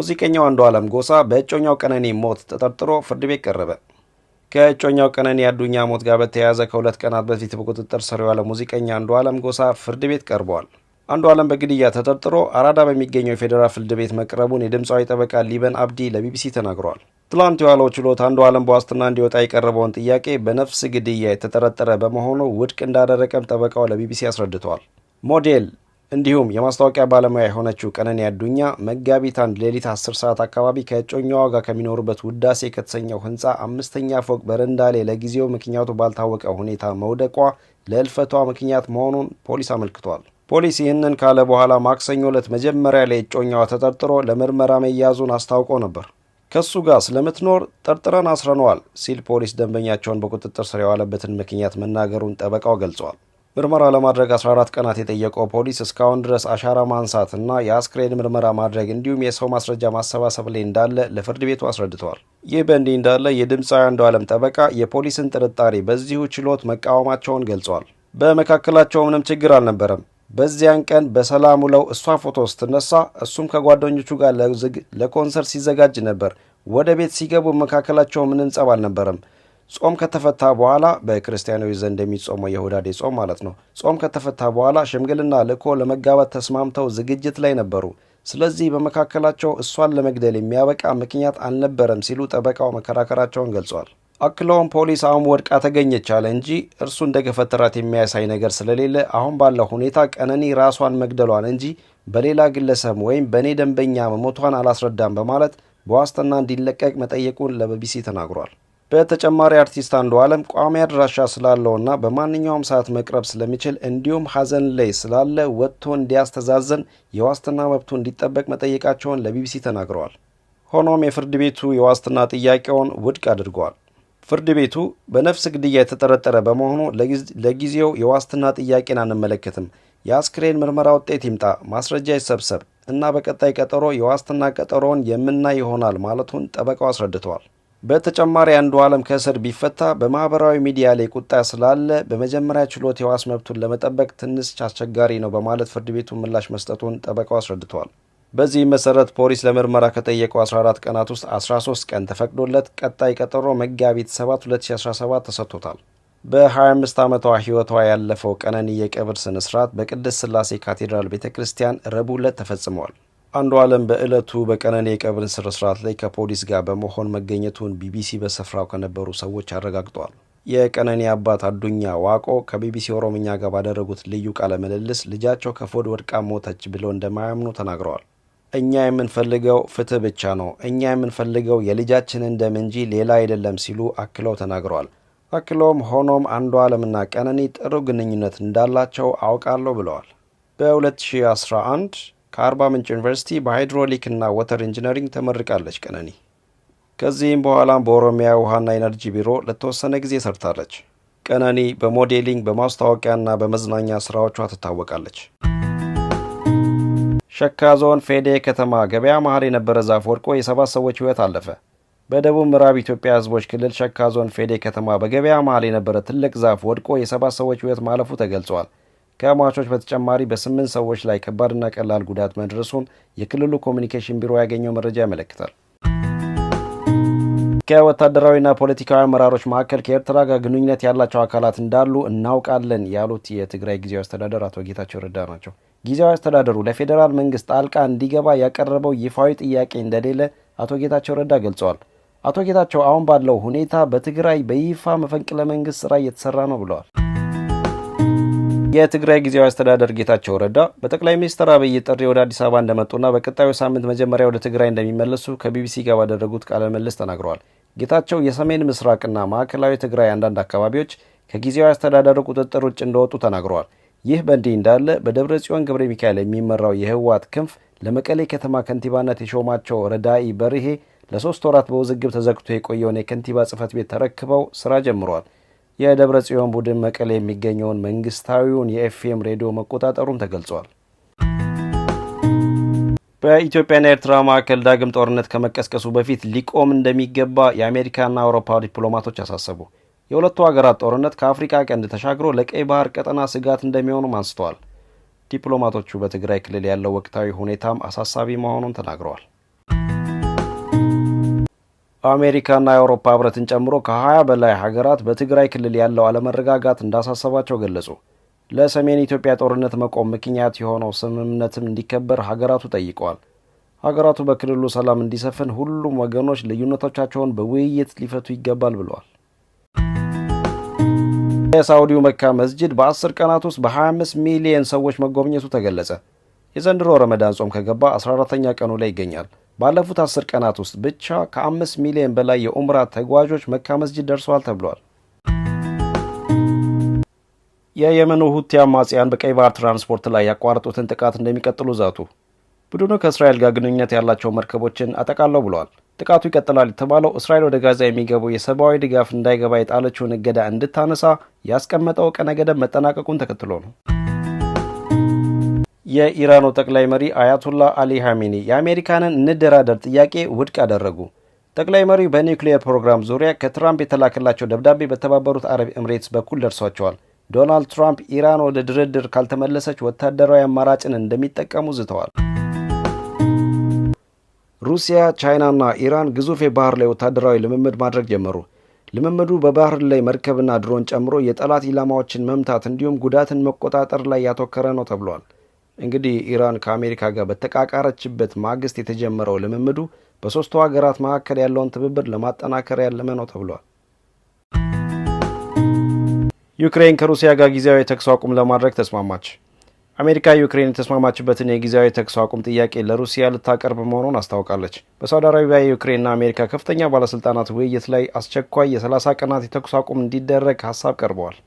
ሙዚቀኛው አንዱ ዓለም ጎሳ በእጮኛው ቀነኔ ሞት ተጠርጥሮ ፍርድ ቤት ቀረበ። ከእጮኛው ቀነኔ አዱኛ ሞት ጋር በተያያዘ ከሁለት ቀናት በፊት በቁጥጥር ስር የዋለ ሙዚቀኛ አንዱ ዓለም ጎሳ ፍርድ ቤት ቀርበዋል። አንዱ ዓለም በግድያ ተጠርጥሮ አራዳ በሚገኘው የፌዴራል ፍርድ ቤት መቅረቡን የድምፃዊ ጠበቃ ሊበን አብዲ ለቢቢሲ ተናግሯል። ትላንት የዋለው ችሎት አንዱ ዓለም በዋስትና እንዲወጣ የቀረበውን ጥያቄ በነፍስ ግድያ የተጠረጠረ በመሆኑ ውድቅ እንዳደረቀም ጠበቃው ለቢቢሲ አስረድቷል። ሞዴል እንዲሁም የማስታወቂያ ባለሙያ የሆነችው ቀነኒ አዱኛ መጋቢት አንድ ሌሊት 10 ሰዓት አካባቢ ከእጮኛዋ ጋር ከሚኖሩበት ውዳሴ ከተሰኘው ህንፃ አምስተኛ ፎቅ በረንዳ ላይ ለጊዜው ምክንያቱ ባልታወቀ ሁኔታ መውደቋ ለእልፈቷ ምክንያት መሆኑን ፖሊስ አመልክቷል። ፖሊስ ይህንን ካለ በኋላ ማክሰኞ ዕለት መጀመሪያ ላይ እጮኛዋ ተጠርጥሮ ለምርመራ መያዙን አስታውቆ ነበር። ከሱ ጋር ስለምትኖር ጠርጥረን አስረነዋል ሲል ፖሊስ ደንበኛቸውን በቁጥጥር ስር የዋለበትን ምክንያት መናገሩን ጠበቃው ገልጸዋል። ምርመራ ለማድረግ 14 ቀናት የጠየቀው ፖሊስ እስካሁን ድረስ አሻራ ማንሳት እና የአስክሬን ምርመራ ማድረግ እንዲሁም የሰው ማስረጃ ማሰባሰብ ላይ እንዳለ ለፍርድ ቤቱ አስረድተዋል። ይህ በእንዲህ እንዳለ የድምፃዊ ዓለም ጠበቃ የፖሊስን ጥርጣሬ በዚሁ ችሎት መቃወማቸውን ገልጿል። በመካከላቸው ምንም ችግር አልነበረም። በዚያን ቀን በሰላም ውለው እሷ ፎቶ ስትነሳ እሱም ከጓደኞቹ ጋር ለኮንሰርት ሲዘጋጅ ነበር። ወደ ቤት ሲገቡ መካከላቸው ምንም ጸብ አልነበረም። ጾም ከተፈታ በኋላ በክርስቲያናዊ ዘንድ የሚጾመው የሁዳዴ ጾም ማለት ነው። ጾም ከተፈታ በኋላ ሽምግልና ልኮ ለመጋባት ተስማምተው ዝግጅት ላይ ነበሩ። ስለዚህ በመካከላቸው እሷን ለመግደል የሚያበቃ ምክንያት አልነበረም ሲሉ ጠበቃው መከራከራቸውን ገልጿል። አክለውም ፖሊስ አሁን ወድቃ ተገኘች አለ እንጂ እርሱ እንደገፈተራት የሚያሳይ ነገር ስለሌለ አሁን ባለው ሁኔታ ቀነኒ ራሷን መግደሏን እንጂ በሌላ ግለሰብ ወይም በእኔ ደንበኛ መሞቷን አላስረዳም በማለት በዋስትና እንዲለቀቅ መጠየቁን ለቢቢሲ ተናግሯል። በተጨማሪ አርቲስት አንዱ ዓለም ቋሚ አድራሻ ስላለውና በማንኛውም ሰዓት መቅረብ ስለሚችል እንዲሁም ሀዘን ላይ ስላለ ወጥቶ እንዲያስተዛዘን የዋስትና መብቱ እንዲጠበቅ መጠየቃቸውን ለቢቢሲ ተናግረዋል። ሆኖም የፍርድ ቤቱ የዋስትና ጥያቄውን ውድቅ አድርገዋል። ፍርድ ቤቱ በነፍስ ግድያ የተጠረጠረ በመሆኑ ለጊዜው የዋስትና ጥያቄን አንመለከትም፣ የአስክሬን ምርመራ ውጤት ይምጣ፣ ማስረጃ ይሰብሰብ እና በቀጣይ ቀጠሮ የዋስትና ቀጠሮውን የምናይ ይሆናል ማለቱን ጠበቃው አስረድተዋል። በተጨማሪ አንዱ ዓለም ከእስር ቢፈታ በማኅበራዊ ሚዲያ ላይ ቁጣ ስላለ በመጀመሪያ ችሎት የዋስ መብቱን ለመጠበቅ ትንሽ አስቸጋሪ ነው በማለት ፍርድ ቤቱ ምላሽ መስጠቱን ጠበቃው አስረድተዋል። በዚህም መሠረት ፖሊስ ለምርመራ ከጠየቀው 14 ቀናት ውስጥ 13 ቀን ተፈቅዶለት ቀጣይ ቀጠሮ መጋቢት 7 2017 ተሰጥቶታል። በ25 ዓመቷ ሕይወቷ ያለፈው ቀነኒ የቀብር ስነስርዓት በቅድስት ስላሴ ካቴድራል ቤተ ክርስቲያን ረቡዕ ዕለት ተፈጽመዋል። አንዱ ዓለም በዕለቱ በቀነኔ የቀብር ስነ ስርዓት ላይ ከፖሊስ ጋር በመሆን መገኘቱን ቢቢሲ በስፍራው ከነበሩ ሰዎች አረጋግጧል። የቀነኔ አባት አዱኛ ዋቆ ከቢቢሲ ኦሮምኛ ጋር ባደረጉት ልዩ ቃለ ምልልስ ልጃቸው ከፎድ ወድቃ ሞተች ብለው እንደማያምኑ ተናግረዋል። እኛ የምንፈልገው ፍትህ ብቻ ነው። እኛ የምንፈልገው የልጃችንን ደም እንጂ ሌላ አይደለም ሲሉ አክለው ተናግረዋል። አክለውም ሆኖም አንዱ አለምና ቀነኔ ጥሩ ግንኙነት እንዳላቸው አውቃለሁ ብለዋል። በ2011 ከአርባ ምንጭ ዩኒቨርሲቲ በሃይድሮሊክና ወተር ኢንጂነሪንግ ተመርቃለች ቀነኒ። ከዚህም በኋላም በኦሮሚያ ውሃና ኢነርጂ ቢሮ ለተወሰነ ጊዜ ሰርታለች። ቀነኒ በሞዴሊንግ በማስታወቂያና በመዝናኛ ስራዎቿ ትታወቃለች። ሸካ ዞን ፌዴ ከተማ ገበያ መሀል የነበረ ዛፍ ወድቆ የሰባት ሰዎች ህይወት አለፈ። በደቡብ ምዕራብ ኢትዮጵያ ህዝቦች ክልል ሸካ ዞን ፌዴ ከተማ በገበያ መሀል የነበረ ትልቅ ዛፍ ወድቆ የሰባት ሰዎች ህይወት ማለፉ ተገልጿል። ከሟቾች በተጨማሪ በስምንት ሰዎች ላይ ከባድና ቀላል ጉዳት መድረሱን የክልሉ ኮሚኒኬሽን ቢሮ ያገኘው መረጃ ያመለክታል። ከወታደራዊና ፖለቲካዊ አመራሮች መካከል ከኤርትራ ጋር ግንኙነት ያላቸው አካላት እንዳሉ እናውቃለን ያሉት የትግራይ ጊዜያዊ አስተዳደር አቶ ጌታቸው ረዳ ናቸው። ጊዜያዊ አስተዳደሩ ለፌዴራል መንግስት ጣልቃ እንዲገባ ያቀረበው ይፋዊ ጥያቄ እንደሌለ አቶ ጌታቸው ረዳ ገልጸዋል። አቶ ጌታቸው አሁን ባለው ሁኔታ በትግራይ በይፋ መፈንቅለ መንግስት ስራ እየተሰራ ነው ብለዋል። የትግራይ ጊዜያዊ አስተዳደር ጌታቸው ረዳ በጠቅላይ ሚኒስትር አብይ ጥሪ ወደ አዲስ አበባ እንደመጡና በቀጣዩ ሳምንት መጀመሪያ ወደ ትግራይ እንደሚመለሱ ከቢቢሲ ጋር ባደረጉት ቃለ ምልልስ ተናግረዋል። ጌታቸው የሰሜን ምስራቅና ማዕከላዊ ትግራይ አንዳንድ አካባቢዎች ከጊዜያዊ አስተዳደሩ ቁጥጥር ውጭ እንደወጡ ተናግረዋል። ይህ በእንዲህ እንዳለ በደብረ ጽዮን ገብረ ሚካኤል የሚመራው የህወሓት ክንፍ ለመቀሌ ከተማ ከንቲባነት የሾማቸው ረዳኢ በርሄ ለሶስት ወራት በውዝግብ ተዘግቶ የቆየውን የከንቲባ ጽህፈት ቤት ተረክበው ስራ ጀምረዋል። የደብረ ጽዮን ቡድን መቀሌ የሚገኘውን መንግስታዊውን የኤፍኤም ሬዲዮ መቆጣጠሩም ተገልጿል። በኢትዮጵያና ኤርትራ መካከል ዳግም ጦርነት ከመቀስቀሱ በፊት ሊቆም እንደሚገባ የአሜሪካና አውሮፓ ዲፕሎማቶች አሳሰቡ። የሁለቱ ሀገራት ጦርነት ከአፍሪካ ቀንድ ተሻግሮ ለቀይ ባህር ቀጠና ስጋት እንደሚሆኑም አንስተዋል። ዲፕሎማቶቹ በትግራይ ክልል ያለው ወቅታዊ ሁኔታም አሳሳቢ መሆኑን ተናግረዋል። አሜሪካና የአውሮፓ ህብረትን ጨምሮ ከ20 በላይ ሀገራት በትግራይ ክልል ያለው አለመረጋጋት እንዳሳሰባቸው ገለጹ። ለሰሜን ኢትዮጵያ ጦርነት መቆም ምክንያት የሆነው ስምምነትም እንዲከበር ሀገራቱ ጠይቀዋል። ሀገራቱ በክልሉ ሰላም እንዲሰፍን ሁሉም ወገኖች ልዩነቶቻቸውን በውይይት ሊፈቱ ይገባል ብለዋል። የሳውዲው መካ መስጅድ በ10 ቀናት ውስጥ በ25 ሚሊየን ሰዎች መጎብኘቱ ተገለጸ። የዘንድሮ ረመዳን ጾም ከገባ 14 ተኛ ቀኑ ላይ ይገኛል። ባለፉት አስር ቀናት ውስጥ ብቻ ከአምስት ሚሊዮን በላይ የኡምራ ተጓዦች መካ መስጂድ ደርሰዋል ተብሏል። የየመኑ ሁቲ አማጽያን በቀይ ባህር ትራንስፖርት ላይ ያቋረጡትን ጥቃት እንደሚቀጥሉ ዛቱ። ቡድኑ ከእስራኤል ጋር ግንኙነት ያላቸው መርከቦችን አጠቃለው ብለዋል። ጥቃቱ ይቀጥላል የተባለው እስራኤል ወደ ጋዛ የሚገቡ የሰብአዊ ድጋፍ እንዳይገባ የጣለችውን እገዳ እንድታነሳ ያስቀመጠው ቀነ ገደብ መጠናቀቁን ተከትሎ ነው። የኢራኑ ጠቅላይ መሪ አያቱላ አሊ ሐሚኒ የአሜሪካንን እንደራደር ጥያቄ ውድቅ አደረጉ። ጠቅላይ መሪው በኒውክሊየር ፕሮግራም ዙሪያ ከትራምፕ የተላከላቸው ደብዳቤ በተባበሩት አረብ ኤምሬትስ በኩል ደርሷቸዋል። ዶናልድ ትራምፕ ኢራን ወደ ድርድር ካልተመለሰች ወታደራዊ አማራጭን እንደሚጠቀሙ ዝተዋል። ሩሲያ፣ ቻይናና ኢራን ግዙፍ የባህር ላይ ወታደራዊ ልምምድ ማድረግ ጀመሩ። ልምምዱ በባህር ላይ መርከብና ድሮን ጨምሮ የጠላት ኢላማዎችን መምታት እንዲሁም ጉዳትን መቆጣጠር ላይ ያተኮረ ነው ተብሏል። እንግዲህ ኢራን ከአሜሪካ ጋር በተቃቃረችበት ማግስት የተጀመረው ልምምዱ በሶስቱ ሀገራት መካከል ያለውን ትብብር ለማጠናከር ያለመ ነው ተብሏል። ዩክሬን ከሩሲያ ጋር ጊዜያዊ የተኩስ አቁም ለማድረግ ተስማማች። አሜሪካ ዩክሬን የተስማማችበትን የጊዜያዊ የተኩስ አቁም ጥያቄ ለሩሲያ ልታቀርብ መሆኑን አስታውቃለች። በሳውዲ አረቢያ የዩክሬንና አሜሪካ ከፍተኛ ባለስልጣናት ውይይት ላይ አስቸኳይ የ30 ቀናት የተኩስ አቁም እንዲደረግ ሀሳብ ቀርበዋል።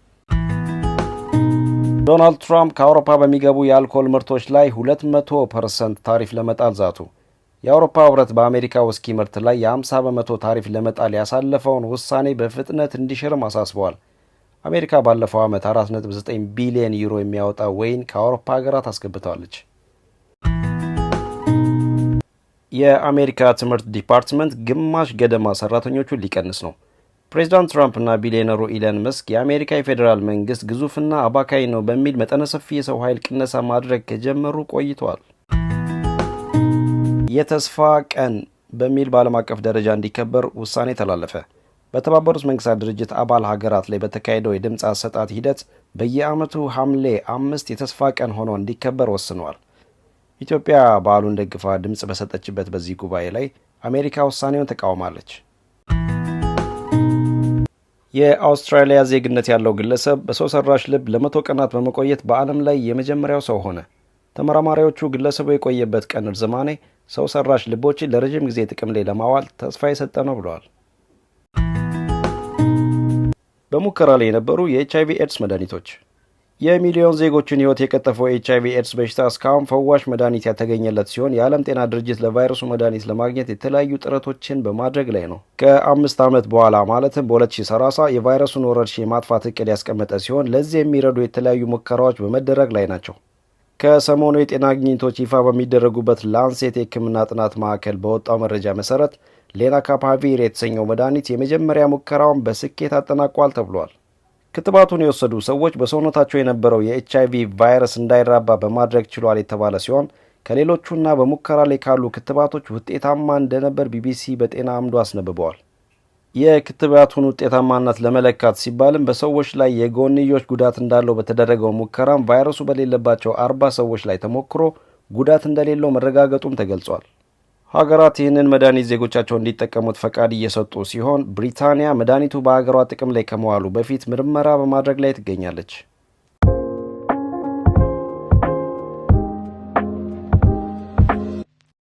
ዶናልድ ትራምፕ ከአውሮፓ በሚገቡ የአልኮል ምርቶች ላይ 200 ፐርሰንት ታሪፍ ለመጣል ዛቱ። የአውሮፓ ህብረት በአሜሪካ ውስኪ ምርት ላይ የ50 በመቶ ታሪፍ ለመጣል ያሳለፈውን ውሳኔ በፍጥነት እንዲሽርም አሳስበዋል። አሜሪካ ባለፈው ዓመት 4.9 ቢሊየን ዩሮ የሚያወጣ ወይን ከአውሮፓ ሀገራት አስገብተዋለች። የአሜሪካ ትምህርት ዲፓርትመንት ግማሽ ገደማ ሰራተኞቹን ሊቀንስ ነው። ፕሬዚዳንት ትራምፕና ቢሊዮነሩ ኢለን መስክ የአሜሪካ የፌዴራል መንግስት ግዙፍና አባካይ ነው በሚል መጠነ ሰፊ የሰው ኃይል ቅነሳ ማድረግ ከጀመሩ ቆይተዋል። የተስፋ ቀን በሚል በዓለም አቀፍ ደረጃ እንዲከበር ውሳኔ ተላለፈ። በተባበሩት መንግስታት ድርጅት አባል ሀገራት ላይ በተካሄደው የድምፅ አሰጣት ሂደት በየዓመቱ ሐምሌ አምስት የተስፋ ቀን ሆኖ እንዲከበር ወስኗል። ኢትዮጵያ በዓሉን ደግፋ ድምፅ በሰጠችበት በዚህ ጉባኤ ላይ አሜሪካ ውሳኔውን ተቃውማለች። የአውስትራሊያ ዜግነት ያለው ግለሰብ በሰው ሰራሽ ልብ ለመቶ ቀናት በመቆየት በዓለም ላይ የመጀመሪያው ሰው ሆነ። ተመራማሪዎቹ ግለሰቡ የቆየበት ቀን ርዝማኔ ሰው ሰራሽ ልቦችን ለረዥም ጊዜ ጥቅም ላይ ለማዋል ተስፋ የሰጠ ነው ብለዋል። በሙከራ ላይ የነበሩ የኤች አይቪ ኤድስ መድኃኒቶች የሚሊዮን ዜጎችን ህይወት የቀጠፈው ኤች አይቪ ኤድስ በሽታ እስካሁን ፈዋሽ መድኃኒት ያልተገኘለት ሲሆን የዓለም ጤና ድርጅት ለቫይረሱ መድኃኒት ለማግኘት የተለያዩ ጥረቶችን በማድረግ ላይ ነው። ከአምስት ዓመት በኋላ ማለትም በ2030 የቫይረሱን ወረርሽኝ የማጥፋት እቅድ ያስቀመጠ ሲሆን ለዚህ የሚረዱ የተለያዩ ሙከራዎች በመደረግ ላይ ናቸው። ከሰሞኑ የጤና ግኝቶች ይፋ በሚደረጉበት ላንሴት የህክምና ጥናት ማዕከል በወጣው መረጃ መሰረት ካፓቪር የተሰኘው መድኃኒት የመጀመሪያ ሙከራውን በስኬት አጠናቋል ተብሏል። ክትባቱን የወሰዱ ሰዎች በሰውነታቸው የነበረው የኤች አይቪ ቫይረስ እንዳይራባ በማድረግ ችሏል የተባለ ሲሆን ከሌሎቹና በሙከራ ላይ ካሉ ክትባቶች ውጤታማ እንደነበር ቢቢሲ በጤና አምዶ አስነብበዋል። የክትባቱን ውጤታማነት ለመለካት ሲባልም በሰዎች ላይ የጎንዮሽ ጉዳት እንዳለው በተደረገው ሙከራም ቫይረሱ በሌለባቸው አርባ ሰዎች ላይ ተሞክሮ ጉዳት እንደሌለው መረጋገጡም ተገልጿል። ሀገራት ይህንን መድኃኒት ዜጎቻቸው እንዲጠቀሙት ፈቃድ እየሰጡ ሲሆን ብሪታንያ መድኃኒቱ በሀገሯ ጥቅም ላይ ከመዋሉ በፊት ምርመራ በማድረግ ላይ ትገኛለች።